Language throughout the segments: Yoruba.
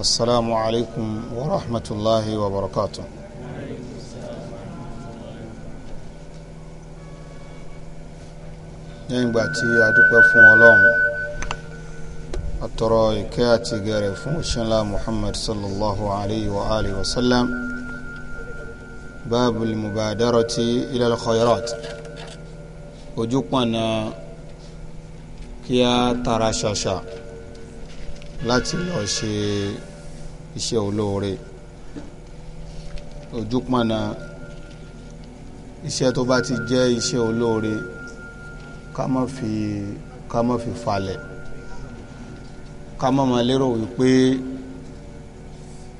السلام عليكم ورحمة الله وبركاته lẹ́yìn ìgbà tí a dúpẹ́ fún ọlọ́run àtọ̀rọ̀ ìkẹ́ àti gẹ̀rẹ̀ fún òṣìṣẹ́lá muhammad sallallahu alayhi wa alihi wa sallam báàbùl mubadarati ilal khayrat ojú pọ̀nà kí a tara ṣàṣà láti lọ ṣe iṣẹ́ olóore ojúpọ̀nà iṣẹ́ tó bá ti jẹ́ iṣẹ́ olóore ká má fi ká má fi falẹ̀ ká má máa lérò wípé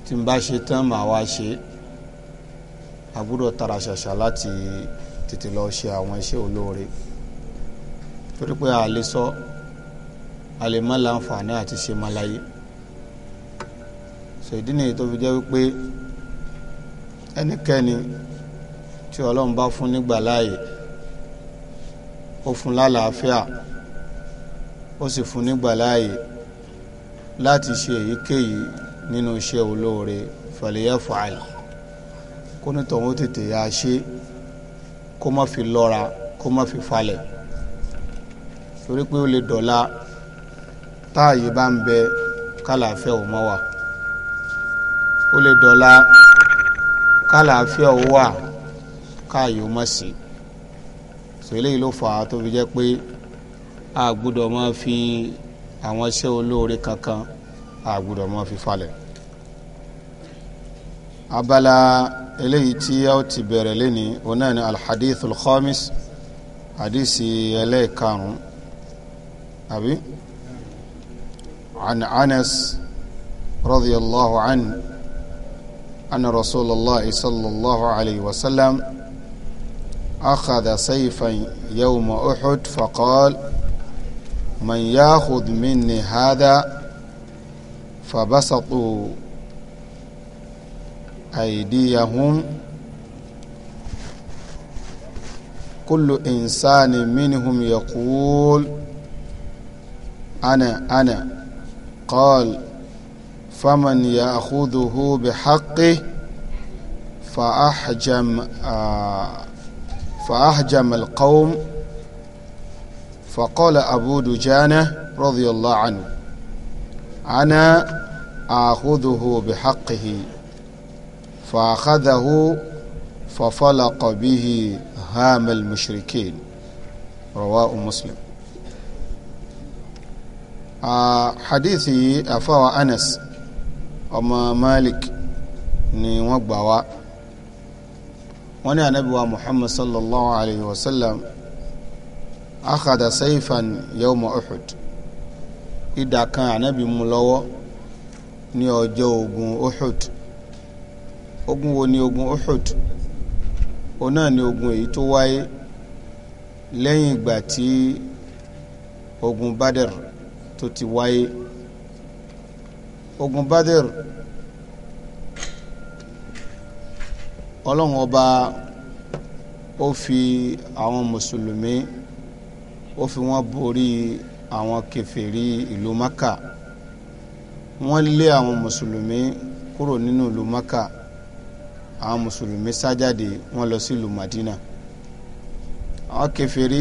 tí n bá ṣe tán màá wá ṣe a gbọ́dọ̀ tara ṣàṣà láti tètè lọ ṣe àwọn iṣẹ́ olóore torí pé a lè sọ a lè má láǹfààní àti ṣe má láyé so ìdí nìyí tó fi jẹ́ wípé ẹnikẹ́ni tí ọlọ́run bá fún nígbà láàyè ó fún lálàáfíà ó sì fún nígbà láàyè láti ṣe èyíkéyìí nínú iṣẹ́ olóore fàlẹ́yẹ́fàl kó nítorún tètè yá ṣe kó má fi lọ́ra kó má fi falẹ̀ torí pé ó lè dọ̀la táàyè bá ń bẹ kálàáfẹ́ ò mọ́ wà ó lè dọ̀la kálàáfíà ó wà káàyò má sí so eléyìí ló fà á tó fi jẹ́ pé a gbọ́dọ̀ máa fi àwọn iṣẹ́ olóore kankan a gbọ́dọ̀ máa fi falẹ̀ abala eléyìí tí a ó ti bẹ̀rẹ̀ lẹ́ni òun náà ni alhadith alkhamis hadisi ẹlẹ́ẹ̀karùn-ún àbí anas radiyallahu anhu. أن رسول الله صلى الله عليه وسلم أخذ سيفا يوم أحد فقال من ياخذ مني هذا فبسطوا أيديهم كل إنسان منهم يقول أنا أنا قال فمن يأخذه بحقه فأحجم فأحجم القوم فقال أبو دجانة رضي الله عنه أنا آخذه بحقه فأخذه ففلق به هام المشركين رواه مسلم حديثي أفوى أنس أما مالك ni wọ́n gbà wá wọ́n ní anabi wa muhammad sallallahu alayhi wa sallam akhada sayfan yawma uhud idà kan anabi mú lọ́wọ́ ní ọjọ́ ogun uhud ogun wo ni ogun uhud òun náà ni ogun èyí tó wáyé lẹ́yìn ìgbà tí ogun badr tó ti wáyé ogun badr ọlọ́run ọba ó fi àwọn mùsùlùmí ó fi wọ́n borí àwọn kèfèrí ìlú maka wọ́n lé àwọn mùsùlùmí kúrò nínú ìlú maka àwọn mùsùlùmí sájáde wọ́n lọ sí ìlú madina àwọn kèfèrí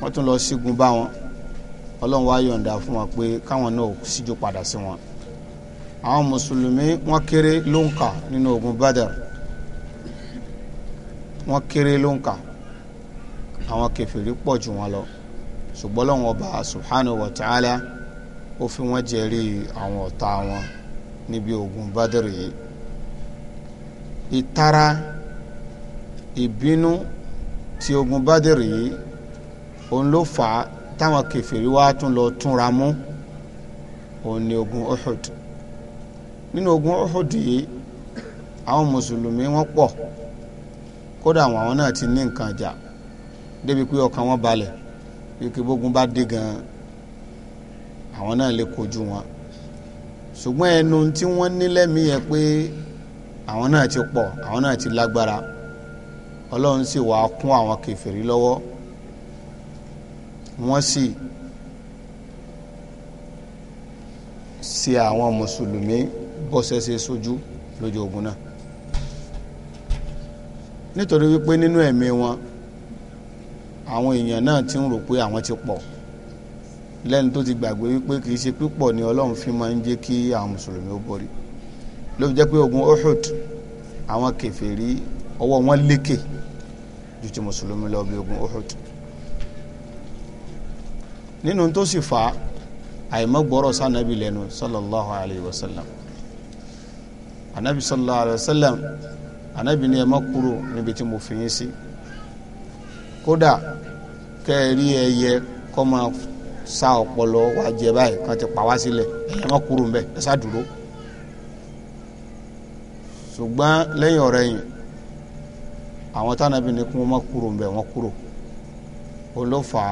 wọ́n tún lọ sígun bá wọn ọlọ́run wá yọ̀ǹda fún wọn pé káwọn náà síjú padà sí wọn àwọn mùsùlùmí wọ́n kéré lóǹkà nínú ogun badr wọn kéré ló ń kà àwọn kèfèrí pọ̀ jù wọn lọ ṣùgbọ́n lọ́wọ́n ọba subhanahu wa ta'ala ó fi wọ́n jẹ́rí àwọn ọ̀tá wọn níbi ogun badiri yìí ìtara ìbínú ti ogun badiri yìí òun ló fà á táwọn kèfèrí wa tún lọ túnra mú òun ni ogun Uhud nínú ogun Uhud yìí àwọn mùsùlùmí wọ́n pọ̀ kódà àwọn àwọn náà ti ní nǹkan ìjà débi pé ọkàn wọn balẹ̀ wípé bógun bá dé gan àwọn náà lè kojú wọn ṣùgbọ́n ẹnu tí wọ́n ní lẹ́mìí yẹn pé àwọn náà ti pọ̀ àwọn náà ti lágbára ọlọ́run sì wàá kún àwọn kèfèrí lọ́wọ́ wọ́n sì ṣe àwọn mùsùlùmí bọ́sẹ̀ṣe sójú lójú ogun náà nítorí wípé nínú ẹ̀mí wọn àwọn èèyàn náà ti ń rò pé àwọn ti pọ̀ lẹ́nu tó ti gbàgbé wípé kì í ṣe pípọ̀ ni ọlọ́run fi máa ń jẹ́ kí àwọn mùsùlùmí ó borí ló fi jẹ́ pé ogun Uhud àwọn kèfèrí ọwọ́ wọn lékè ju ti mùsùlùmí lọ bí ogun Uhud nínú tó sì fà á àìmọ́gbọ́rọ̀ sànàbí lẹ́nu sallallahu alayhi wa sallam anabi sallallahu alayhi wa sallam anabi ni ẹ má kúrò níbi tí mo fi yín sí kódà kẹ ẹ rí ẹyẹ máa sa ọpọlọ wa jẹ báyìí kan ti pa wá sílẹ̀ ẹ má kúrò ń bẹ̀ ẹ sá dúró ṣùgbọ́n lẹ́yìn ọ̀rẹ́ yìí àwọn tánàbí ni kí wọ́n má kúrò ń bẹ̀ wọ́n olófà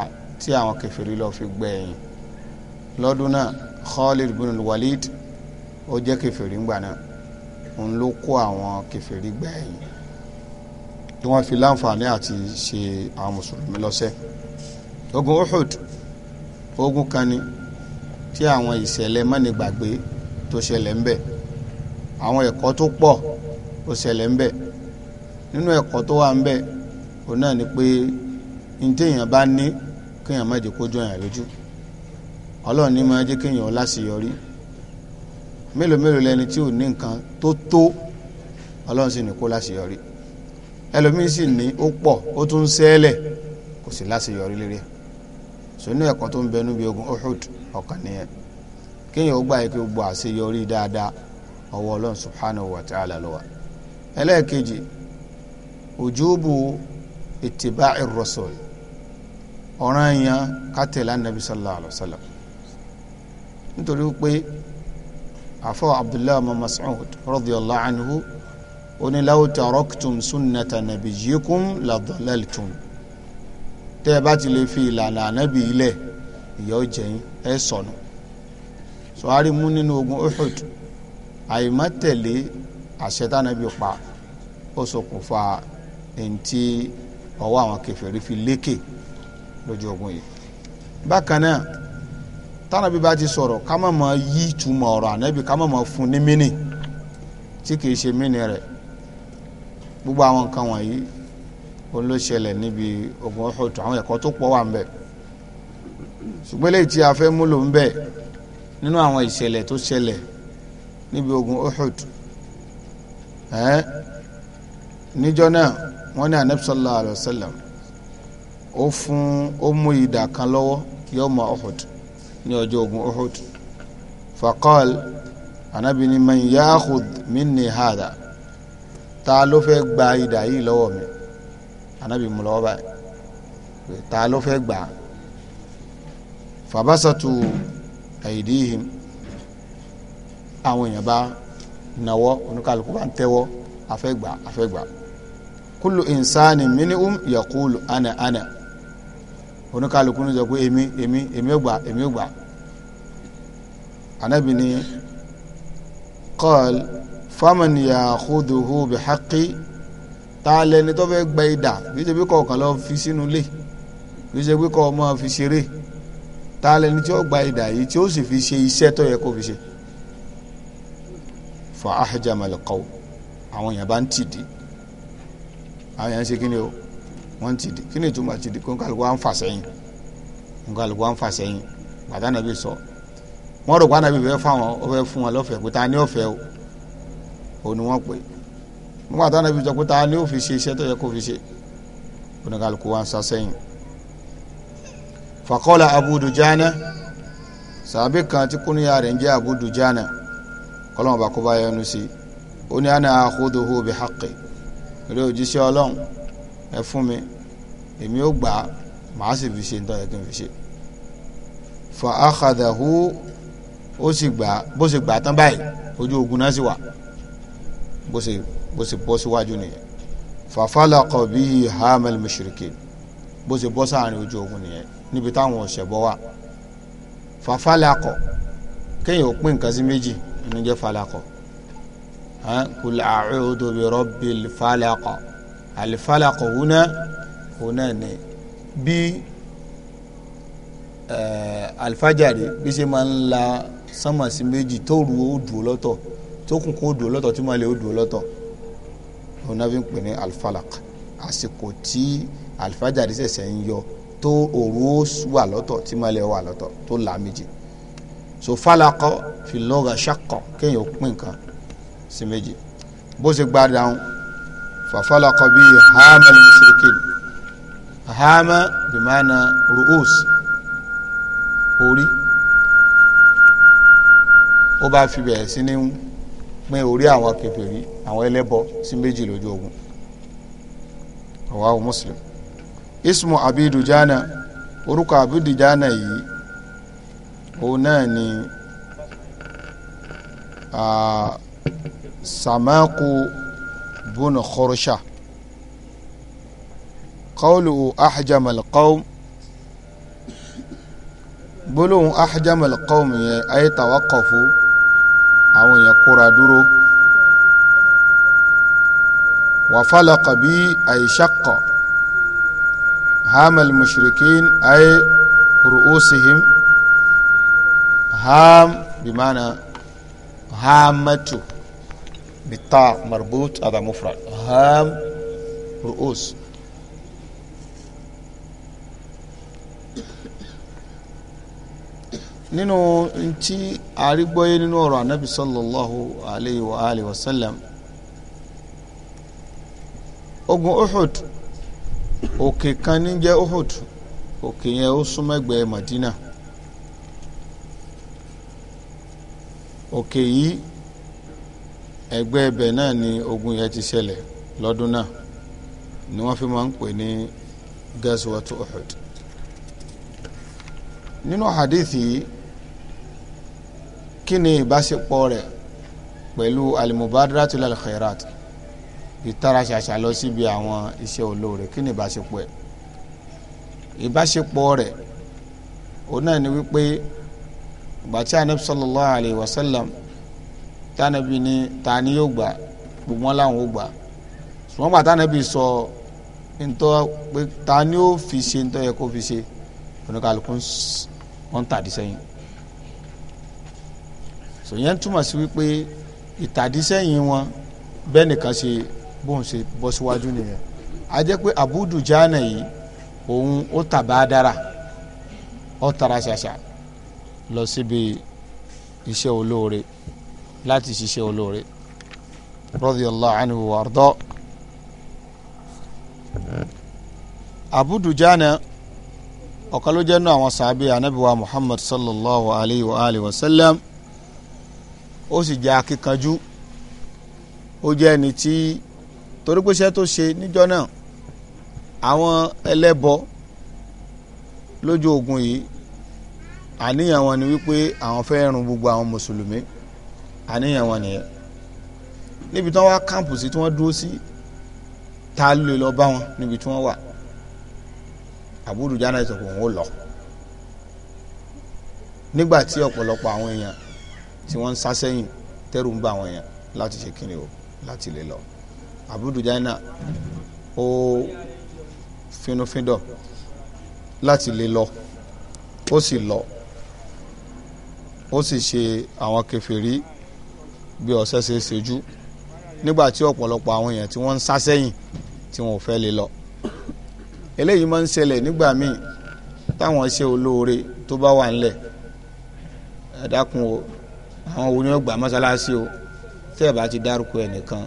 tí àwọn kẹfìrí lọ fi gbẹ ẹ̀yìn lọ́dún náà Khalid bin Walid ó jẹ́ kẹfìrí ńgbà náà òun ló kó àwọn kèfèrí gbẹ̀yìn tí wọ́n fi láǹfààní àti ṣe àwọn mùsùlùmí lọ́sẹ̀ ogun Uhud ogun kan ni tí àwọn ìṣẹ̀lẹ̀ mánigbàgbé tó ṣẹlẹ̀ ń bẹ àwọn ẹ̀kọ́ tó pọ̀ ó ṣẹlẹ̀ ń bẹ nínú ẹ̀kọ́ tó wà ń bẹ òun náà ni pé ní téèyàn bá ní kéèyàn má jẹ́ kó jọyàn lójú ọlọ́run ní máa jẹ́ kéèyàn ó láṣeyọrí mélòó mélòó lẹni tí ò ní nǹkan tó tó ọlọ́run sì ní kó láṣeyọrí ẹlòmíín sì ní ó pọ̀ ó tún sẹ́ẹ̀lẹ̀ kò sì láṣeyọrí lérí ẹ̀kọ́ tó ogun Uhud ọ̀kan nìyẹn ó gbà gbogbo àṣeyọrí dáadáa ọwọ́ ọlọ́run subhanahu wa ta'ala ẹlẹ́ẹ̀kejì afọ abdullahi ọmọ mas'ud radiyallahu anhu oni law taraktum sunnata nabiyyikum la dalaltum tẹ́ ẹ bá ti lè fi ìlànà ànábì ilẹ̀ ìyà ó jẹ yín ẹ sọnù sọ́hárí mú nínú ogun uhud àìmọ́tẹ̀lé àṣẹ tánàbí pa ó ṣokùnfà ẹ̀ǹtí ọwọ́ àwọn kèfèrí fi lékè lójú ogun yìí bákan náà tánàbí bá ti sọ̀rọ̀ kama ma yi yí ìtumọ̀ ana ànábì kama ma fun fún ní mínì tí kìí ṣe gbogbo awon nǹkan wọ̀nyí òun níbi ogun ọ̀hún àwọn ẹ̀kọ́ tó pọ̀ wà ń bẹ̀ ṣùgbọ́n lè a múlò ń bẹ̀ nínú àwọn ìṣẹ̀lẹ̀ tó ṣẹlẹ̀ níbi ogun Uhud ẹ́ náà ní ó fún ó mú kan lọ́wọ́ ní ọjọ́ ogun uhud faqal anabi ni man yaakhud minni hada ta ló fẹ́ gba idà yìí lọ́wọ́ mi anabi mú lọ́wọ́ báyìí ta ló fẹ́ gbà fabasatu aidihim àwọn èèyàn bá nawọ́ oníkàlùkù bá ń tẹ́wọ́ afẹ́gbà afẹ́gbà kullu insani minhum yaqulu ana ana oníkàlùkù ní sọ pé èmi èmi èmi ò gbà èmi ò gbà anabi ni qal faman ya'khuduhu bihaqqi ta lẹni tó fẹ́ gba idà kì í ṣe bí kọ̀ọ̀kan lọ fi sínú ilé kì í ṣe bí kọ̀ọ̀ máa fi ṣeré ta lẹni tí ó gba idà yìí tí ó sì fi ṣe iṣẹ́ tó yẹ kó fi ṣe fa ahjama al àwọn èèyàn bá ń tìdí àwọn èèyàn ń ṣe kí ni o wọ́n ń tìdí kí ni ìtumọ̀ tìdí kó ń kálukú wá ń fà sẹ́yìn ń kálukú wá ń fà sẹ́yìn bàtà nàbí sọ wọ́n rò pé anabi fẹ́ fáwọn ó fẹ́ fún wọn lọ́fẹ̀ẹ́ pé ta ni ọ̀fẹ́ o ò ní wọ́n pè nígbà tí anabi sọ pé ta ni ó fi ṣe iṣẹ́ tó yẹ kó fi ṣe oníkàlùkù wa ń sá sẹ́yìn. fàkọ́lá abudujana sàbí kan tí kúnìyà rẹ̀ ń jẹ́ abudujana kọ́lọ́mọba kó bá yẹnu sí ó ní àná àkódoho bí haqqi eré òjíṣẹ́ ọlọ́run ẹ fún mi èmi ó gbà á sì fi ṣe nítorí kí n fi ṣe fa akhadahu ó sì gbà bó ṣe gbà tán báyìí ojú ogun náà sì wà bó ṣe bó ṣe bọ́ síwájú nìyẹn fàfàlàkọ̀ bíi hamal mushrikin bó ṣe bọ́ sáàrin ojú ogun nìyẹn níbi táwọn ọ̀ṣẹ̀bọ wà fàfàlàkọ̀ kéèyàn ò pín nǹkan sí méjì ẹni jẹ́ falakọ̀ kul a'udhu bi rabbil falaq al-falaq húnà húnà ni bí eh, alifájàre bí ṣe máa ń la sánmà sí méjì tóòrù ó dùn lọ́tọ̀ tókùnkùn ó dùn lọ́tọ̀ tí màlẹ́ ó dùn lọ́tọ̀ òun náà fi ń pè ní alfalak àsìkò tí alifájàre ṣẹ̀ṣẹ̀ ń yọ tó òru ó wà lọ́tọ̀ tí màlẹ́ wà lọ́tọ̀ tó là méjì so falakọ filọ́gà ṣakọ kéèyàn pín nǹkan sí méjì bó ṣe gbá dáhùn fàfalakọ bíi hama mushrikin hama bimana ru'us orí ó bá fi bẹ̀rẹ̀ sí ní pín orí àwọn kèfèrí àwọn ẹlẹ́bọ sí méjì lójú ogun ọ̀wáwò muslim ismu abidujana orúkọ abidujana yìí òun náà ni samaku bunu khorusha qawlu ahjamal qawm gbólóhùn ahjamal qawm yẹn ayé tàwa kọ̀fù. àwọn èèyàn kóra dúró wàfàlàkà bí àìsàkọ hamal mushrikin ay ru'usihim ham bi mana hamatu bi ta marbut ada mufrad ham ru'us nínú tí àrígbọ́yé nínú ọ̀rọ̀ anábì sallallahu alayhi wa alihi wa sallam ogun uhud òkè kan ní jẹ́ uhud òkè yẹn ó súnmọ́ ẹ̀gbẹ́ madina òkè yìí ẹ̀gbẹ́ ibẹ̀ náà ni ogun yẹn ti ṣẹlẹ̀ lọ́dún náà ni wọ́n fi máa ń pè ní gaswatu uhud nínú hadithi yìí. kí ni ìbáṣepọ̀ rẹ̀ pẹ̀lú alimubadiratul alkhairat ìtara ṣàṣà lọ síbi àwọn iṣẹ́ olóore kí ni ìbáṣepọ̀ ẹ̀ ìbáṣepọ̀ rẹ̀ òun náà ni wípé bàtí anabi sallallahu alayhi wa sallam tánàbí ni tani yóò gbà gbogbo wọn làwọn ò gbà ṣùgbọ́n bàtà anabi sọ ntọ́ pé tani ó fi ṣe ntọ́ yẹ kó fi ṣe oníkàlùkù wọn tàdí sẹ́yìn sòyẹn túmọ̀ sí wípé ìtàdísẹ́yìn wọn bẹ́ẹ̀ nìkan ṣe bóun ṣe bọ́ síwájú nìyẹn a jẹ́ pé abudu jana yìí òun ó tàbá dára ó tara ṣàṣà lọ síbi iṣẹ́ olóore láti ṣiṣẹ́ olóore radiyallahu anhu wa arda abudu jana ọ̀kan ló jẹ́ nínú àwọn sàbí anabiwa muhammad sallallahu alayhi wa alihi wa sallam ó sì jẹ́ akíkanjú ó jẹ́ ẹni tí torí tó ṣe níjọ́ náà àwọn ẹlẹ́bọ lójú ogun yìí àníyàn wọn ni wípé àwọn fẹ́ run gbogbo àwọn mùsùlùmí àníyàn wọn nìyẹn níbi tí wọ́n wá káàmpù sí tí wọ́n dúró sí ta ló lè lọ bá wọn níbi tí wọ́n wà àbúrò jáná ìsọ̀kò òun lọ nígbà tí ọ̀pọ̀lọpọ̀ àwọn èèyàn tí wọ́n ń sá sẹ́yìn tẹ́rù ń bá àwọn èèyàn láti ṣe kíni o láti lè lọ Abudu Jaina ó finúfindọ̀ láti lè lọ ó sì lọ ó sì ṣe àwọn kèfèrí bí ọ̀sẹ̀ ṣe ṣojú nígbà tí ọ̀pọ̀lọpọ̀ àwọn èèyàn tí wọ́n ń sá sẹ́yìn tí wọ́n fẹ́ lè lọ eléyìí máa ń ṣẹlẹ̀ nígbà míì táwọn iṣẹ́ olóore tó bá wà ńlẹ̀ ẹ dákun o àwọn wo ni wọ́n gbà mọ́sálásí o tí ẹ̀ bá ti dárúkọ ẹnìkan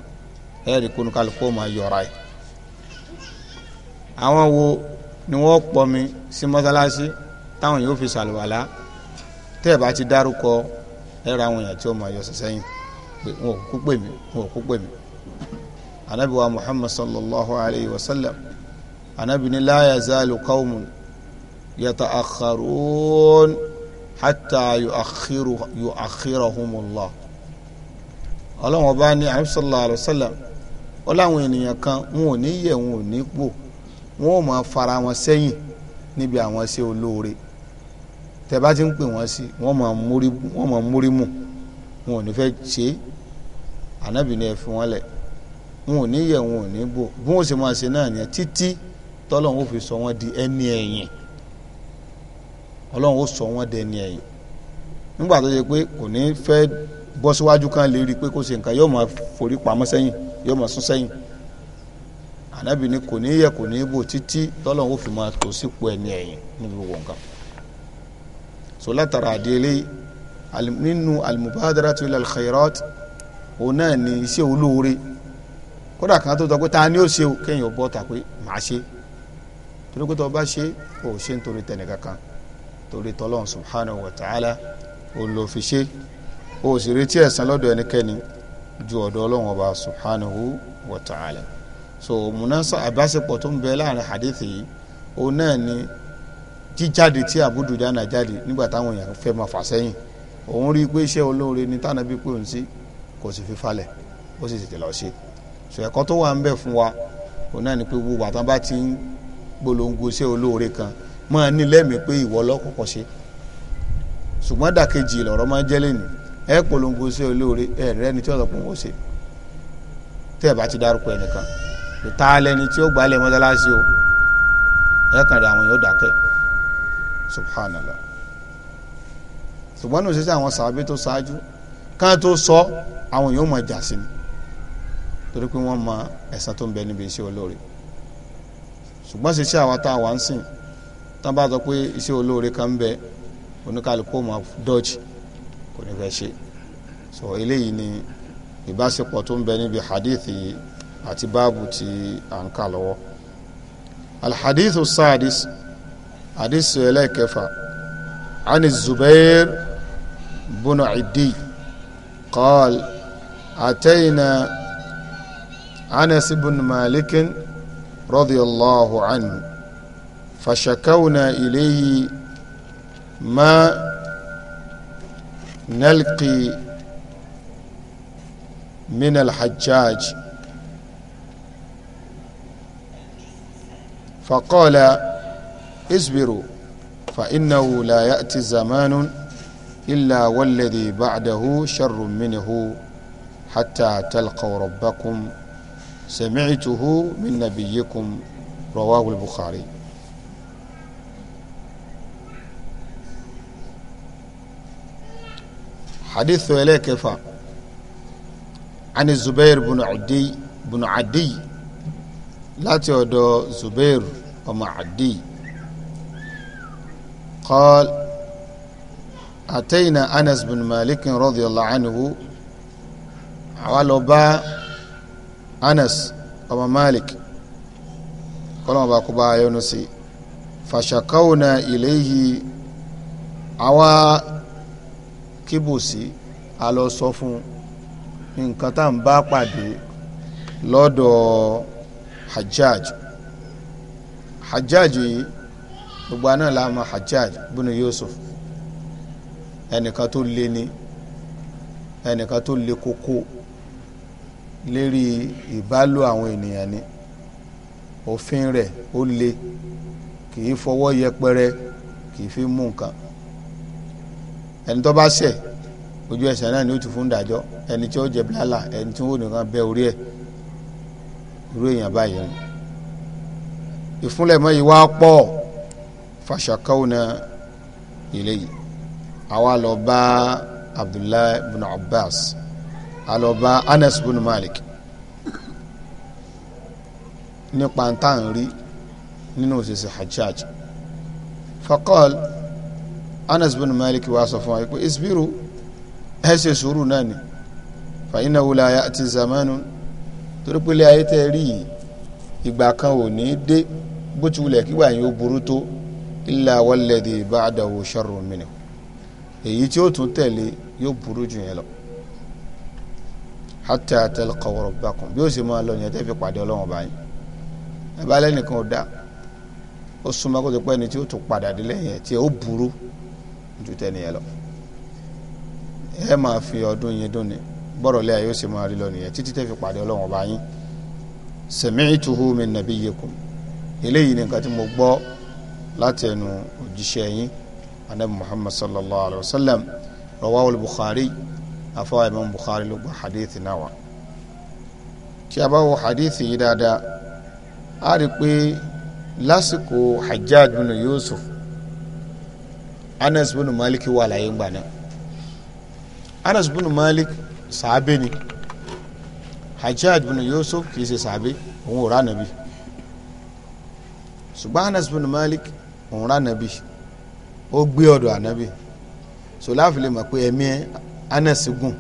ẹ̀ rí kónú kálukú máa yọ̀ra ẹ̀ àwọn wo ni wọ́n pọ̀ mi sí mọ́sálásí táwọn yóò fi ṣàlùwàlá tí ẹ̀ bá ti dárúkọ ẹ̀ ra àwọn èèyàn tí ó yọ sẹ́yìn pé wọn kú pè mí wọn kú pè mí anabi wa muhammad sallallahu alayhi wa sallam anabi ni la yazalu qawmun yata'akharun hatta yu'akhirahumullah ọlọ́run ọba ní sallallahu alaihi wasallam ó láwọn ènìyàn kan wọn ò ní yẹ̀ wọn ò ní pò wọn ò máa fara wọn sẹ́yìn níbi àwọn ṣe olóore tẹ bá ti ń pè wọ́n sí wọ́n máa múrí wọ́n máa múrí mù wọn ò ní fẹ́ ṣe ànábì ni ẹ fi lẹ̀ wọn ò ní yẹ̀ wọn ò ní bò bí wọ́n ṣe máa ṣe náà yẹn títí tọ́lọ́run ó fi sọ wọ́n di ẹni ẹ̀yìn ọlọ́run ó sọ wọ́n dẹni ẹ̀yìn nígbà tó yẹ pé kò ní fẹ́ bọ́ síwájú kan lè rí i pé kó ṣe nǹkan yóò máa forí pamọ́ sẹ́yìn yóò máa sún sẹ́yìn ànábì ni kò ní yẹ kò ní bò títí tọ́lọ́run ó fi máa tò sípò ẹni ẹ̀yìn níbi gbogbo nǹkan so látara àdéhélé nínú alimubadaratu ilal khairat òun náà ni iṣẹ́ olóore kódà kan tó sọ pé ta ni ó ṣe o kéèyàn bọ́ ta pé màá ṣe torí pé tó o bá ṣe o ò ṣe nítorí tẹnìkankan torí tọ́lọ́hún subhanahu wa ta'ala ó lọ fi ṣe ó sì retí ẹ̀san lọ́dọ̀ ẹnikẹ́ni ju ọ̀dọ̀ ọlọ́run ọba subhanahu wa ta'ala so munasa àbáṣepọ̀ tó ń bẹ láàrin hadith yìí ó náà ni jíjáde tí Abu Dujana jáde nígbà táwọn èèyàn fẹ́ máa fà sẹ́yìn òun rí i pé iṣẹ́ olóore ni tànàbí pé òun sí kò sì fi falẹ̀ ó sì tètè lọ ṣe sọ ẹ̀kọ́ tó wà ń bẹ fún wa òun náà ni pé gbogbo àtàn bá ti ń gbólóńgbò iṣẹ́ olóore kan máa ní lẹ́mìí pé ìwọ lọ́kọ̀ọ̀kọ̀ ṣe ṣùgbọ́n dàkejì lọ̀rọ̀ máa jẹ́ lẹ́nu ẹ polongo ṣe olóore ẹ rẹ ni tí wọ́n sọ pé wọ́n ṣe tẹ́ ẹ bá ti dárúkọ ẹnìkan ìta lẹni tí ó gbalẹ̀ mọ́tálásí o ẹ kàn rí àwọn yóò dákẹ́ subhanallah ṣùgbọ́n ní òṣìṣẹ́ àwọn sàbí tó ṣáájú kan tó sọ àwọn yóò mọ̀ jà sí ni torí pé wọ́n mọ ẹ̀san tó ń bẹ níbi iṣẹ́ olóore ṣùgbọ́n ṣiṣẹ́ àwa tá a wà ń sìn tán bá sọ pé iṣẹ́ olóore kan ń bẹ oníkàlùkù ọmọ dọ́jì kò ní fẹ́ ṣe so eléyìí ni ìbáṣepọ̀ tó ń bẹ níbi hadithi yìí àti báàbù tí à ń kà lọ́wọ́ alhadithu sadis hadithu ẹlẹ́kẹfà ani zubair bunu idi qaal atayna anas ibn malikin radiyallahu anhu فشكونا إليه ما نلقي من الحجاج فقال اصبروا فإنه لا يأتي زمان إلا والذي بعده شر منه حتى تلقوا ربكم سمعته من نبيكم رواه البخاري hadithu ẹlẹ́kẹfà ani zubair bunu adi bunu adi láti ọ̀dọ̀ zubair ọmọ adi qal atayna anas bin malik radiyallahu anhu àwa lọ bá anas ọmọ malik kọ́lọ́mọ̀ bá kú bá ayọ́nu sí fàṣàkáwùnà ilayhi àwa kíbùsí a lọ sọ fún nǹkan tá à ń bá pàdé lọ́dọ̀ hajjaj hajjaj yìí gbogbo àná la mọ̀ hajjaj bínú yusuf ẹnìkan tó lé ní ẹnìkan tó lé kókó lérí ìbálò àwọn ènìyàn ni òfin rẹ̀ ó le kì í fọwọ́ yẹpẹrẹ kì í fi mú nǹkan ẹni tó bá ṣẹ̀ ojú ẹsẹ̀ náà ni ó ti fún ìdájọ́ ẹni tí ó jẹ bílálà ẹni tí ó nìkan bẹ́ orí ẹ̀ irú èèyàn báyìí rìn ìfúnlẹ̀mọ́ yìí wá pọ̀ fàṣàkáwò náà ilé yìí àwa lọ bá abdullahi bin abbas a bá anas bin malik nípa ntàn rí nínú òṣìṣẹ́ hajjaj fakọ́ọ̀lù anas bin malik wá sọ fún wa pé isbiru ẹ ṣe sùúrù náà ni fa innahu la ya'ti zamanu torí pé ilé ayé tẹ́ rí yìí ìgbà kan ò ní dé bó ti wulẹ̀ kígbà yín ó burú tó illa walladhi ba'dahu sharrun minhu èyí tí ó tún tẹ̀lé yóò burú jù yẹn lọ hatta talqaw rabbakum bí ó sì máa lọ yẹn tẹ́ fi pàdé ọlọ́wọ́n báyìí ẹ bá lẹ́nìkan ó dá ó súnmọ́ kó tó pẹ́ ni tí ó tún padà dé lẹ́yìn ẹ̀ tí ó burú ju tẹ́niyẹn lọ ẹ máa fi ọdún yín dún ni gbọ́dọ̀ lẹ́yà yóò ṣe máa rí lọ nìyẹn títí tẹ́ fi pàdé ọlọ́run ọba yín sami'tuhu min nabiyyikum eléyìí ni nǹkan tí mo gbọ́ láti ẹnu òjíṣẹ́ yín anabi muhammad sallallahu alayhi wa sallam rawahu al-bukhari afọwọ́ imam bukhari ló gba hadith náà wá tí a bá wo hadith yìí dáadáa a rí i pé lásìkò hajjaj bin yusuf anas bin malik wà láyé ńgbà anas bin malik sàábé ni hajjaj bin yusuf kì í ṣe sàábé òun ò ṣùgbọ́n anas bin malik òun rà nàbí ó gbé ọ̀dọ̀ ànábì so láàfin lè mọ̀ pé ẹ̀mí anas gùn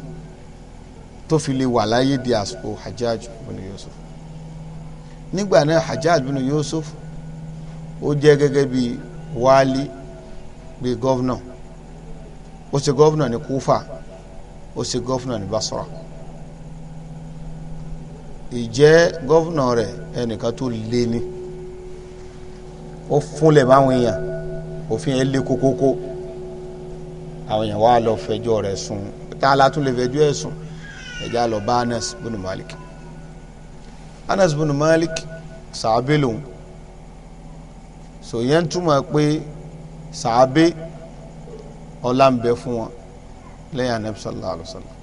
tó fi lè wà láyé di àsìkò hajjaj bin yusuf nígbà náà hajjaj bin yusuf ó jẹ́ gẹ́gẹ́ bí wálí bíi gọ́vnà ó ṣe gọ́vnà ní Kúfà ó ṣe gọ́vnà ní Basra ìjẹ́ gọ́vnà rẹ̀ ẹnìkan tó lé ní ó fúnlẹ̀ báwọn èèyàn òfin ẹ̀ lé kókókó àwọn èèyàn wá lọ fẹjọ́ rẹ̀ sùn tá a látún lè fẹjọ́ ẹ̀ sùn ẹ̀já lọ bá Anas bin Malik Anas bin Malik sàábẹ́lòun sòyẹn túmọ̀ pé sàábé ọlá ń bẹ fún wọn lẹ́yìn anabi sallallahu alayhi wa sallam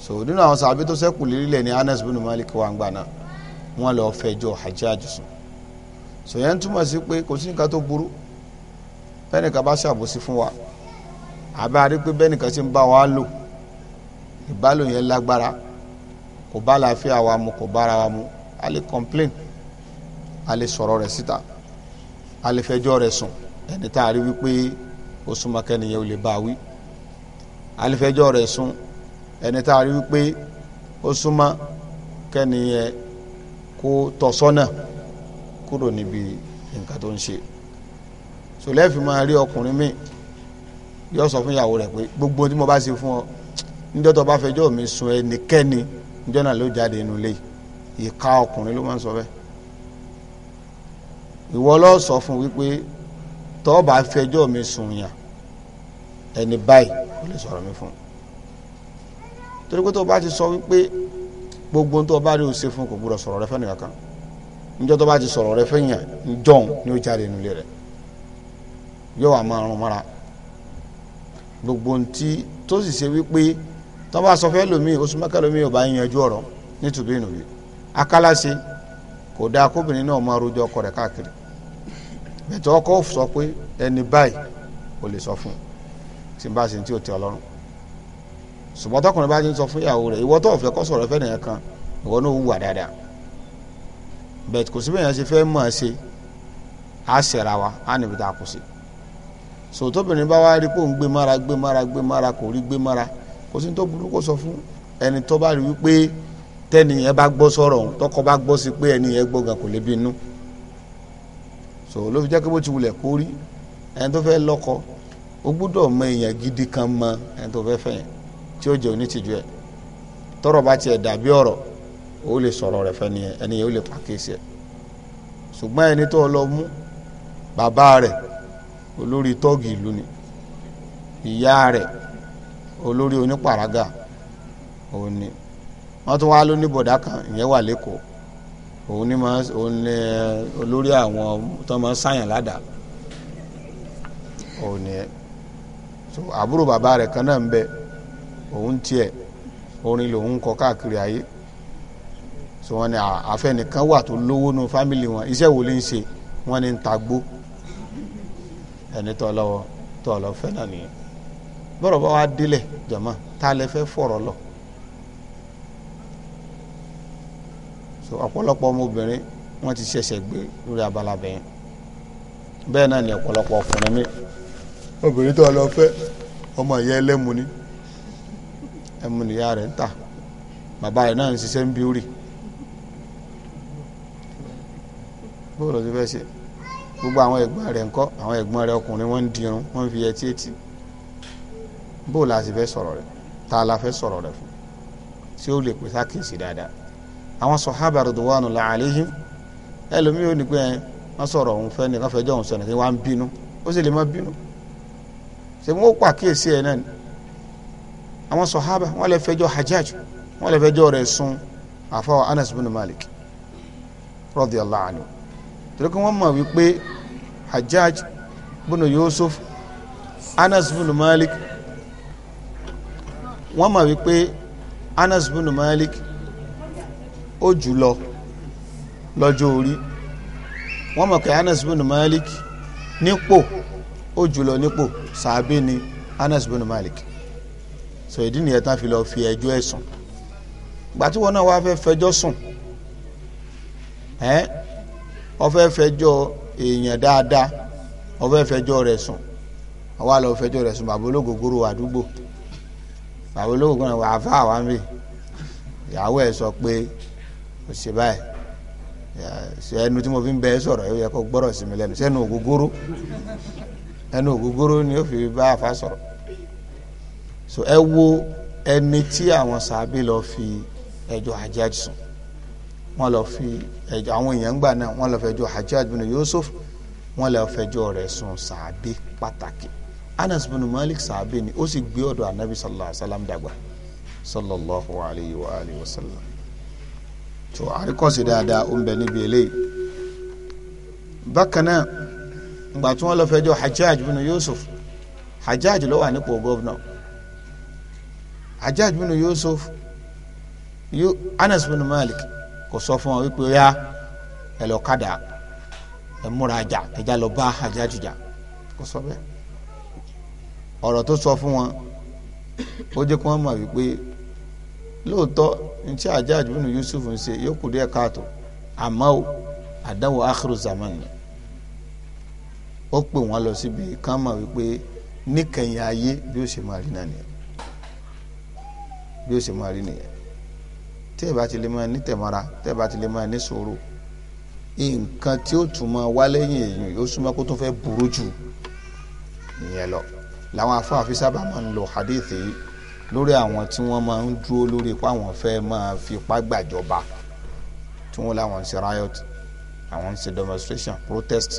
so nínú àwọn sàábé tó ṣẹ́kù lílẹ̀ ní anas bin malik wà ń gbà náà wọ́n lọ fẹjọ́ hajjaj sùn so yẹn túmọ̀ sí pé kò sí nǹkan tó burú bẹ́ẹ̀nìkan bá ṣàbòsí fún wa àbá rí pé bẹ́ẹ̀nìkan ṣe ń bá wa lò ìbálò yẹn lágbára kò bá láàfin àwa mu kò bára wa mu a lè complain a lè sọ̀rọ̀ rẹ̀ síta a lè fẹjọ́ rẹ̀ sùn ẹni tá a rí wípé ó súnmọ́ kẹ́niyẹn ò lè bá wí alifẹjọ́ rẹ̀ sùn ẹni tá a rí wípé ó súnmọ́ kẹ́niyẹn kó tọ́ sọ́nà kúrò níbi nǹkan tó ń ṣe sòlẹ́ẹ̀fì máa rí ọkùnrin míì yóò sọ fún ìyàwó rẹ̀ pé gbogbo tí mo bá ṣe fún ọ níjọ́ tó bá fẹjọ́ mi sùn ẹnikẹ́ni níjọ́ náà ló jáde inú ilé ìka ọkùnrin ló máa ń sọ bẹ́ẹ̀ ìwọ ló sọ fún wípé tó bá fẹjọ́ mi sùn yàn ẹni báyìí kò lè sọ̀rọ̀ mi fún torí pé tó bá ti sọ wípé gbogbo tó bá rí o ṣe fún kò gbúdọ̀ sọ̀rọ̀ rẹ fẹ́ nìkan kan níjọ́ tó bá ti sọ̀rọ̀ rẹ fẹ́ yàn jọ̀hún ni ó jáde nílé rẹ yóò wà máa rún mọ́ra gbogbo ntí tó sì ṣe wípé tó bá sọ fẹ́ lómi oṣù mẹ́kà lómi ò bá yanjú ọ̀rọ̀ nítorí ìnùbí akálàṣe kò dáa kóbìnrin náà máa rojọ́ ọkọ rẹ̀ káàkiri bẹ̀tẹ̀ ọkọ̀ sọ pé ẹni báyìí ò lè sọ fún un tí n bá ṣe tí ò tẹ ọlọ́run ṣùgbọ́n tọkùnrin bá ti ń sọ fún ìyàwó rẹ̀ ìwọ tó fẹ́ kọ́ sọ̀rọ̀ fẹ́ nìyẹn kan ìwọ náà wùwà dáadáa bẹ̀tẹ̀ kò sí bẹ́ẹ̀ yẹn ṣe fẹ́ mọ̀ ẹ́ ṣe á ṣẹ̀ra wa á níbi tá a kù sí sòtóbìnrin bá wá rí pé òun gbé mára gbé mára gbé mára kò rí gbé mára kò sí ní tó burú kó sọ fún so ló fi jẹ́ pé bó ti wulẹ̀ kórí ẹni tó fẹ́ lọ́kọ ó gbúdọ̀ mọ èèyàn gidi kan mọ ẹni tó fẹ́ fẹ́ yẹn tí ó jẹ́ onítìjú ẹ̀ tọ́rọ̀ bá tiẹ̀ dàbí ọ̀rọ̀ ó lè sọ̀rọ̀ rẹ̀ fẹ́ ni ẹni yẹn ó lè pàkíyèsí ẹ̀ ṣùgbọ́n ẹni tó lọ mú bàbá rẹ̀ olórí tọ́ọ̀gì ìlú ni ìyá rẹ̀ olórí onípàrágà òun ni wọ́n tún wá lóní bọ̀dá kan ìyẹn wà lẹ́kọ̀ọ́ òun ni máa òun ni olórí àwọn tó máa sáyàn ládàá òun ni ẹ so àbúrò bàbá rẹ̀ kan náà ń bẹ òun tiẹ̀ orin lòun kọ káàkiri ayé so wọn ni àfẹnìkan wà tó lówó nu fámìlì wọn iṣẹ́ wo ló ń ṣe wọn ni ń ta gbó ẹni tó lọ́wọ́ tó lọ́ fẹ́ náà nìyẹn bọ́rọ̀ bá wa délẹ̀ jọ̀mọ́ tá a lè fẹ́ fọ̀rọ̀ lọ. so ọ̀pọ̀lọpọ̀ ọmọbìnrin wọ́n ti ṣẹ̀ṣẹ̀ gbé lórí abala bẹ́ẹ̀ bẹ́ẹ̀ náà ni ọ̀pọ̀lọpọ̀ ọkùnrin mi obìnrin tó lọ fẹ́ ọmọ ìyá ẹlẹ́mu ni ẹmu nìyá rẹ̀ ń tà bàbá rẹ̀ náà ń ṣiṣẹ́ ń bíórì bóòlù ti fẹ́ ṣe gbogbo àwọn ẹ̀gbọ́n rẹ̀ ńkọ́ àwọn ẹ̀gbọ́n rẹ̀ ọkùnrin wọ́n ń dirun wọ́n fi ẹtí etí bóòlù àti fẹ́ sọ̀rọ̀ rẹ̀ tá a la fẹ́ sọ̀rọ̀ rẹ̀ fún tí ó lè pèsè àkíyèsí dáadáa àwọn sọ̀hábà ridwanullahi alaihim ẹlòmíì ò ní pé wọ́n sọ̀rọ̀ òun fẹ́ nìkan fẹjọ́ òun sọ̀rọ̀ kí wọ́n á bínú ó sì lè má bínú ṣe wọ́n pàkíyèsí ẹ̀ náà ni àwọn sọ̀hábà wọ́n lè fẹjọ́ hajjaj wọ́n lè fẹjọ́ rẹ̀ sun àfọwọ́ anas bin malik radiyallahu anhu torí kí wọ́n mọ̀ wípé hajjaj bin yusuf anas bin malik wọ́n mọ̀ wípé anas bin malik ó jù lọ lọ́jọ́ orí wọ́n mọ̀ pé Anas bin Malik nípò ó jù lọ nípò sàábé ni Anas bin Malik sọ ìdí nìyẹn tán fi lọ fi ẹjọ́ ẹ̀ sùn gbàtí wọn náà wàá fẹ́ fẹjọ́ sùn ẹ́ wọ́n fẹ́ fẹjọ́ èèyàn dáadáa wọ́n fẹ́ fẹjọ́ rẹ̀ sùn àwa lọ fẹjọ́ rẹ̀ sùn bàbá ológogoro àdúgbò bàbá ológogoro àfa àwa mi ìyàwó ẹ̀ sọ pé kò ṣe báyìí ẹnu tí mo fi ń bẹ sọ̀rọ̀ yóò yẹ kó gbọ́rọ̀ sí mi lẹ́nu sẹ́nu ògógóró ẹnu ni ó fi bá àfa sọ̀rọ̀ so ẹ wo ẹni tí àwọn sàbí lọ fi ẹjọ́ Hajjaj sùn wọ́n lọ fi ẹjọ́ àwọn èèyàn gbà náà wọ́n lọ fẹjọ́ Hajjaj bin Yusuf wọ́n lọ fẹjọ́ rẹ̀ sùn sàbí pàtàkì Anas bin Malik sàbí ni ó sì gbé ọ̀dọ̀ anabi sallallahu alayhi wa sallam dàgbà sallallahu alayhi wa alayhi wa sallam tó àríkọ̀sí dáadáa ó ń bẹ níbi eléyìí bákan náà ìgbà tí wọ́n lọ fẹjọ́ Hajjaj bin Yusuf Hajjaj ló wà nípò gómìnà Hajjaj bin Yusuf Anas bin Malik kò sọ fún wọn wípé ya ẹ lọ kádà ẹ múra jà ẹ já lọ bá Hajjaj jà kò sọ bẹ́ẹ̀ ọ̀rọ̀ tó sọ fún wọn ó jẹ́ kí wọ́n mọ̀ wípé lóòótọ́ ní tí Hajjaj bin Yusuf ń ṣe yóò kù díẹ̀ káàtó àmọ́ o àdánwò akhiru zaman ni ó pè wọ́n lọ síbi kan mọ̀ wípé níkẹyìn ayé bí ó ṣe máa rí náà nìyẹn bí ó ṣe máa rí nìyẹn tí ẹ bá ti lè máa ní tẹ̀mọ́ra tẹ́ ẹ bá ti lè máa ní sùúrù nǹkan tí ó tún máa wá lẹ́yìn èyàn ó súnmọ́ kó tó fẹ́ burú jù nìyẹn lọ làwọn afáàfin sábà máa ń lo hadith yìí lórí àwọn tí wọ́n máa ń dúró lórí pé àwọn fẹ́ máa fipá gbàjọba tí wọ́n láwọn ń ṣe riot àwọn ń ṣe demonstration protest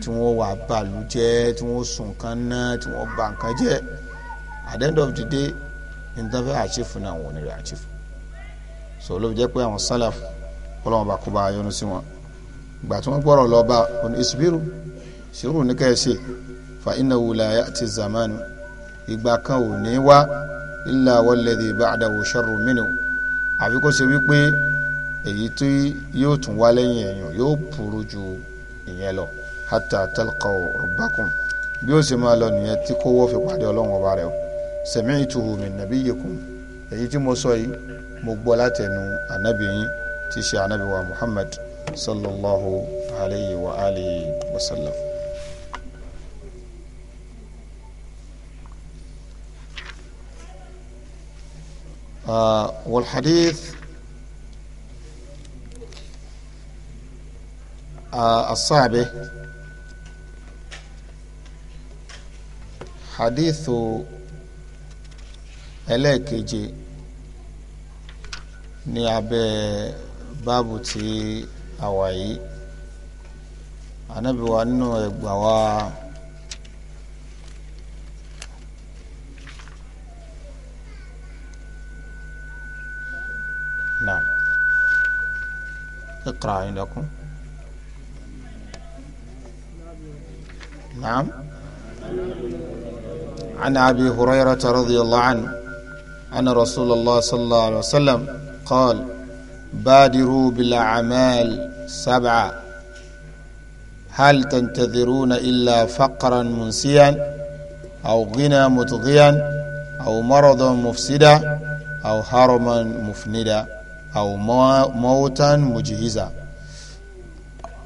tí wọ́n wà bàlú jẹ́ tí wọ́n sùn kan náà tí wọ́n bà nǹkan jẹ́ at the end of the day nǹkan fẹ́ àchífù náà wọ́n ní rẹ̀ àchífù so ló jẹ́ pé àwọn sálàf kọ́lọ́mọba kó bá yọ́nú sí wọn gbà tí wọ́n gbọ́rọ̀ lọ́ba òní ìsúbírù sírù ní kẹ́ẹ̀ ṣe fa innahu la ya'ti zamanu ìgbà kan ò ní wá illa walladhi ba'dahu sharrun minhu àfi kó ṣe wípé èyí tí yóò tún wá lẹ́yìn ẹ̀yìn yóò burú ju ìyẹn lọ hatta talqaw rabbakum bí ó sì máa lọ nìyẹn tí kówó fi pàdé ọlọ́run ọba rẹ̀ o sami'tuhu min nabiyyikum èyí tí mo sọ yìí mo gbọ́ látẹnu ànábì yín tí ṣe ànábì wa Muhammad sallallahu alayhi wa alihi wa sallam. والحديث الصعب حديث ẹlẹ́ẹ̀keje ní abẹ́ báàbù tí a wà yìí ànábìwá nínú ẹgbàá wa. اقرا عندكم نعم عن أبي هريرة رضي الله عنه أن رسول الله صلى الله عليه وسلم قال بادروا بالأعمال سبعة هل تنتظرون إلا فقرا منسيا أو غنى مطغيا أو مرضا مفسدا أو هرما مفندا أو موتا مجهزا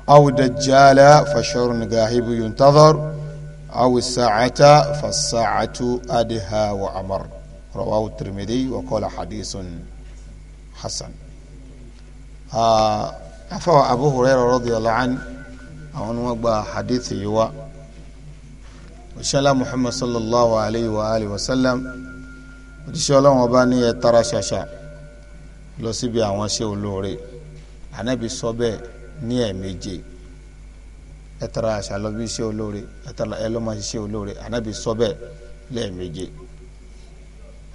أو دجالا فشر قاهب ينتظر أو الساعة فالساعة أدهى وأمر رواه الترمذي وقال حديث حسن أفوى أبو هريرة رضي الله عنه أو نوبة حديثي هو وشلا محمد صلى الله عليه وآله وسلم وشلا وبانية ترى شاشا lọ síbi àwọn ṣe olóore ànábì sọ bẹ́ẹ̀ ní ẹ̀ẹ̀méje ẹ tara àṣà lọ bí ṣe olóore ẹ tara ẹ lọ máa ṣe olóore ànábì sọ bẹ́ẹ̀ lẹ́ẹ̀méje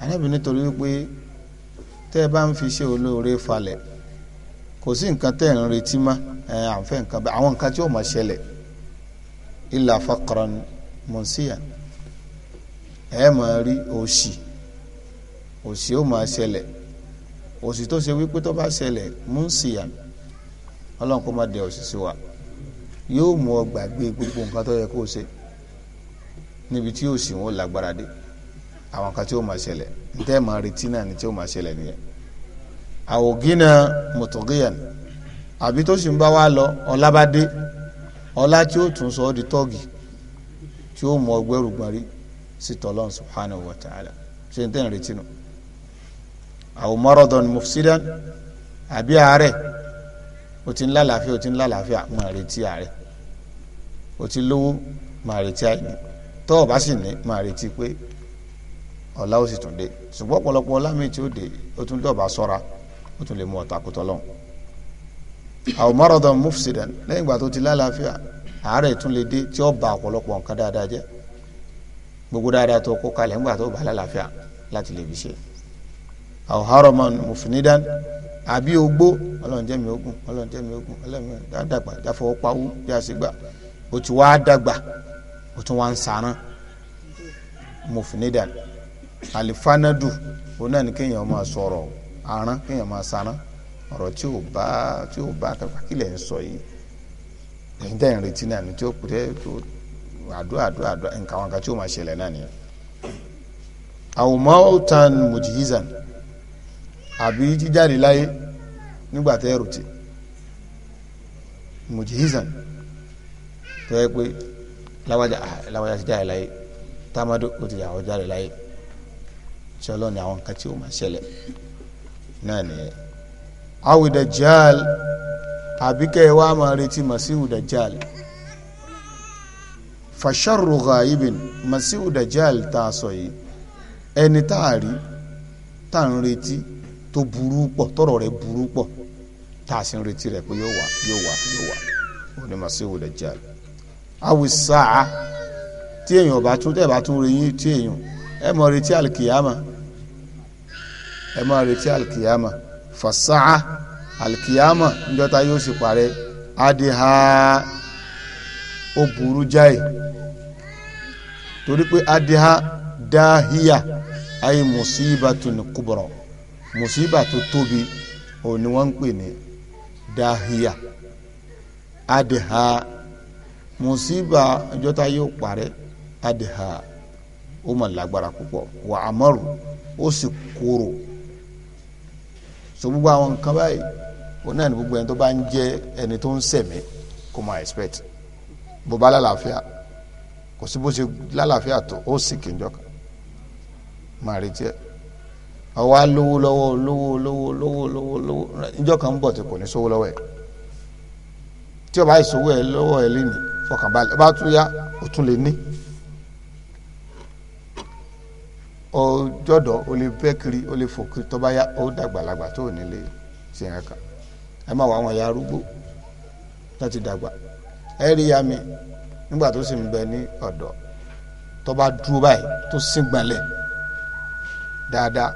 ànábì nítorí wípé tẹ́ ẹ bá ń fi ṣe olóore falẹ̀ kò sí nǹkan tẹ́ ẹ̀ ń retí má ẹ̀ à nǹkan bẹ́ẹ̀ àwọn nǹkan tí ó máa ṣẹlẹ̀ ilà faqran mọ̀nsíyà ẹ̀ máa rí òṣì òṣì ó máa ṣẹlẹ̀ òsì tó ṣe wípé tó bá ṣẹlẹ̀ múnsìyà ọlọ́run kó má dẹ òsì sí wa yóò mú ọ gbàgbé gbogbo nǹkan tó yẹ kó o ṣe níbi tí òsì wọn lágbára dé àwọn kan tí ó máa ṣẹlẹ̀ ntẹ́ máa retí náà ni tí ó máa ṣẹlẹ̀ nìyẹn àwògínà mọ̀tògíyàn àbí tó sì ń bá wa lọ ọlá bá dé ọlá tí ó tún sọ ọ́ di tọ́gì tí ó mú ọgbẹ́rù gbọ́n rí sí tọ́lọ́n subhanahu wa ṣe ń tẹ́ ń retí náà àwọn mọ́rọ̀dọ̀n mufsidan àbí àárẹ̀ o ti ń lálàáfíà o ti ń lálàáfíà máa retí àárẹ̀ o ti lówó máa retí àìní tó o bá sì ní máa retí pé ọ̀la ó sì tún dé ṣùgbọ́n ọ̀pọ̀lọpọ̀ ọlámi tí ó dé ó tún tó o sọ́ra ó tún lè mú ọ̀tà kó tọ́lọ́hún àwọn mọ́rọ̀dọ̀n mufsidan lẹ́yìn ìgbà tó ti lálàáfíà àárẹ̀ tún lè dé tí ó ba ọ̀pọ̀lọpọ̀ nǹkan dáadáa jẹ́ gbogbo dáadáa tó kó kalẹ̀ ńgbà tó bá lálàáfíà láti lè fi ṣe é aw haraman mufnidan àbí ogbó ọlọ́run jẹ́ mi ogun ọlọ́run jẹ́ mi ogun ọlọ́run jẹ́ mi dàgbà jáfọwọ́ pawú jásigba o ti wá dàgbà o tún wá ń sàrán mufnidan alifanadu o náà ní kéèyàn máa sọ̀rọ̀ aràn kéèyàn máa sàrán ọ̀rọ̀ tí ò bá tí ò bá kàkà kí lè ń sọ yìí ẹ̀yin tẹ̀yìn retí náà ni tí ó kù tẹ́ tó àdúrà àdúrà àdúrà nǹkan àwọn kan tí ó máa ṣẹlẹ̀ náà nìyẹn. àwòmọ́ tan mujihizan àbí jíjáde láyé nígbà tẹ́ ẹ̀rù tì mujihizan tó yẹ pé láwájá láwájá ti jáde láyé támádó ó ti yàwó jáde láyé tí ọlọ́ni àwọn nǹkan tí ó máa ṣẹlẹ̀ náà nìyẹn awi dajjal àbí kẹ́ ẹ wá máa retí masihu dajjal fasharru ghaibin tá a sọ yìí ẹni tá a rí tá a ń retí. tó burú pọ̀ tọrọ rẹ burú pọ̀ tá a sì ń retí rẹ̀ pé yóò wá yóò yóò ni tí èèyàn bá tún bá tún yín tí èèyàn ẹ retí alikiyama ẹ retí alikiyama fasáà alikiyama níjọ́ta yóò sì parẹ́ adiha ó burú jáì torí pé adiha mùsíbà tó tóbi òun ni wọ́n ń pè ní dahia adìhà mùsíbà ọjọ́ tá yóò parẹ́ adìhà ó mà lágbára púpọ̀ wà á mọ̀rù ó sì kúrò so gbogbo àwọn nǹkan báyìí òun náà ni gbogbo ẹni tó bá ń jẹ́ ẹni tó ń sẹ̀mí kó máa expect bó bá lálàáfíà kò sí bó ṣe lálàáfíà tó ó sì kìjọ kan máa retí ẹ̀ ọwọ́ lówó lọ́wọ́ lówó lówó lówó lówó lówó níjọ́ kan ń bọ̀ tí kò ní sówó lọ́wọ́ ẹ̀ tí o bá ìṣòwò ẹ̀ lọ́wọ́ ẹ̀ lẹ́nu fọkànbalẹ̀ ọba tún yá o tún lè ní ọjọ́dọ̀ o lè bẹ́ kiri o lè fò kiri tọ́ba yá o dàgbàlagbà tó o ní lè ṣe yẹn kan ẹ má wọ àwọn ẹ̀yà arúgbó láti dàgbà ẹ rí ya mi nígbà tó sì ń bẹ ní ọ̀dọ̀ tọ́ba dúró báyìí tó sìn gbalẹ̀ dáadáa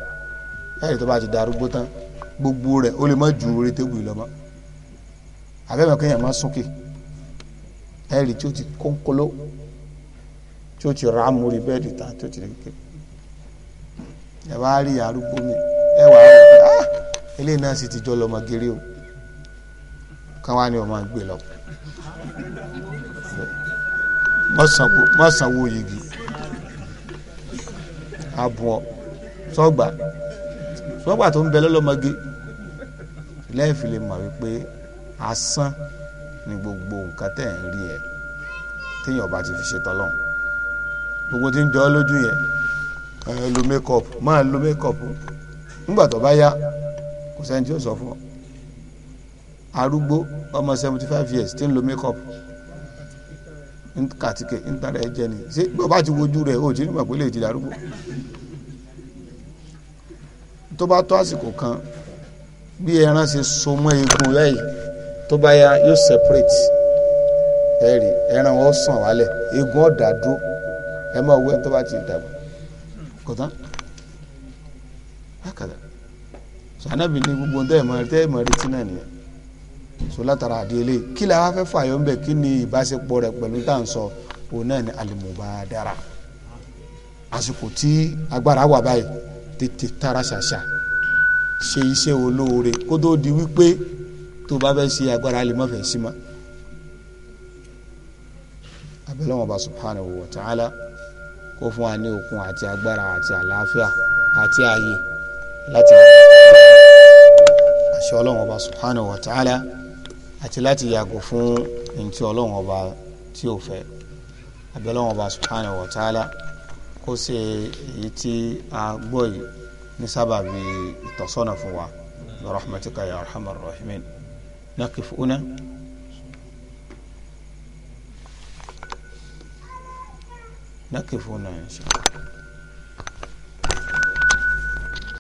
ẹ̀rí tó bá ti darúgbó tán gbogbo rẹ̀ ó lè má ju orí tébù yìí lọ mọ́ àbẹ́mọ̀ kéèyàn má súnkè ẹ̀rí tí ó ti kónkóló tí ó ti rà á mórí bẹ́ẹ̀dì tán tí ó ti kéke ẹ wá rí arúgbó mi ẹ wà á ah eléyìí náà sì ti jọ lọmọ gèrè o kán wá ní ọmọ gbé lọ má sanwó yìí gi abùọ sọgbà. So ṣùgbọ́n gbà tó ń bẹ lọ́lọ́mọge lẹ́ẹ̀fì lè mọ̀ wípé asán ni gbogbo nǹkan tẹ̀ ń rí ẹ̀ téèyàn bá ti fi ṣe tọ́lọ́hún gbogbo tí ń jọ ọ́ lójú yẹn ẹ lo makeup máa lo makeup nígbà tó bá yá kò sẹ́ni tí ó sọ fún ọ arúgbó ọmọ seventy five years tí ń lo makeup kàtìkè ń tara ẹ jẹ ni ṣé bí o bá ti wojú rẹ o ò tí ní mọ̀ pé lè ti darúgbó tó bá tó àsìkò kan bí ẹran ṣe so mọ́ egun lẹ́yìn tó bá yá yóò separate ẹ̀rì ẹran wọn sàn wálẹ̀ egun ọ̀dà dúró ẹ máa wẹ́ tó bá ti dàgbà kò tán bákàlà sànàbì ní gbogbo ntẹ́ ìmọ̀ tẹ́ ìmọ̀ retí náà nìyẹn so látara àdéhélé kí la wá fẹ́ fààyàn ń bẹ̀ kí ni ìbáṣepọ̀ rẹ̀ pẹ̀lú tá à ń sọ òun náà ni alimubadara àsìkò tí agbára wà báyìí tètè tara ṣàṣà ṣe iṣẹ́ olóore kó tó di wípé tó bá fẹ́ ṣe agbára lè má fẹ́ sí ma abẹ́lẹ́wọ̀n bá subhanahu wa ta'ala kó fún wa ní okun àti agbára àti àlàáfíà àti ààyè láti àṣẹ ọlọ́wọ̀n bá subhanahu wa ta'ala àti láti yàgò fún ntí ọlọ́wọ̀n bá tí ò fẹ́ abẹ́lẹ́wọ̀n bá subhanahu wa kó ṣe èyí tí a gbọ́ yìí ní sábàbí ìtọ́sọ́nà fún wa rahmatika ya arhamar rahimin naqif una. نقف إن شاء الله